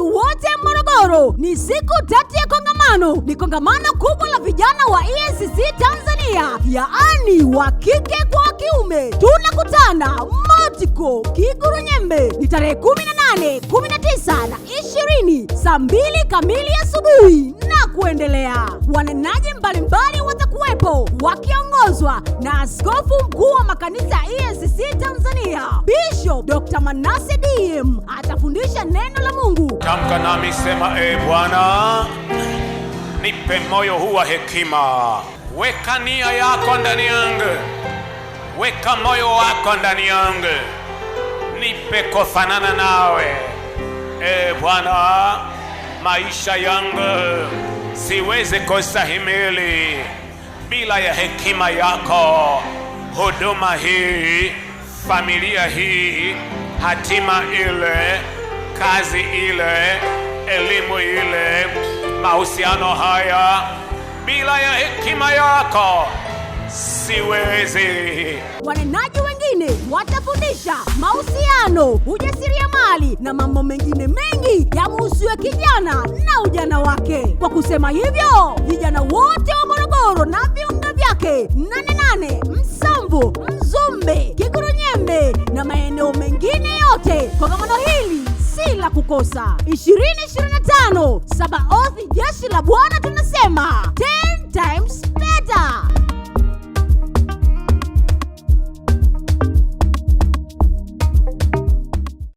wanafunzi wote Morogoro. Ni siku tatu ya kongamano, ni kongamano kubwa la vijana wa EACC Tanzania, yaani wa kike kwa wa kiume. Tunakutana Matiko Nyembe ni tarehe 18, 19 na 20 saa 2 kamili asubuhi na kuendelea. Wanenaji mbalimbali watakuwepo wakiongozwa na askofu mkuu wa makanisa ya e EACC Tanzania Bishop Dr. Manase DM atafundisha neno la Mungu. Tamka nami sema, e Bwana, nipe moyo huu wa hekima. Weka nia yako ndani yangu, weka moyo wako ndani yangu, nipe kufanana nawe. E Bwana, maisha yangu siwezi kustahimili bila ya hekima yako. Huduma hii familia hii, hatima ile, kazi ile, elimu ile, mahusiano haya. Bila ya hekima yako siwezi. Wanenaji wengine watafundisha mahusiano, ujasiriamali na mambo mengine mengi yamuhusiwe kijana na ujana wake. Kwa kusema hivyo, vijana wote wa Morogoro na viunga vyake nane bila kukosa. 2025 Sabaoth, jeshi la Bwana tunasema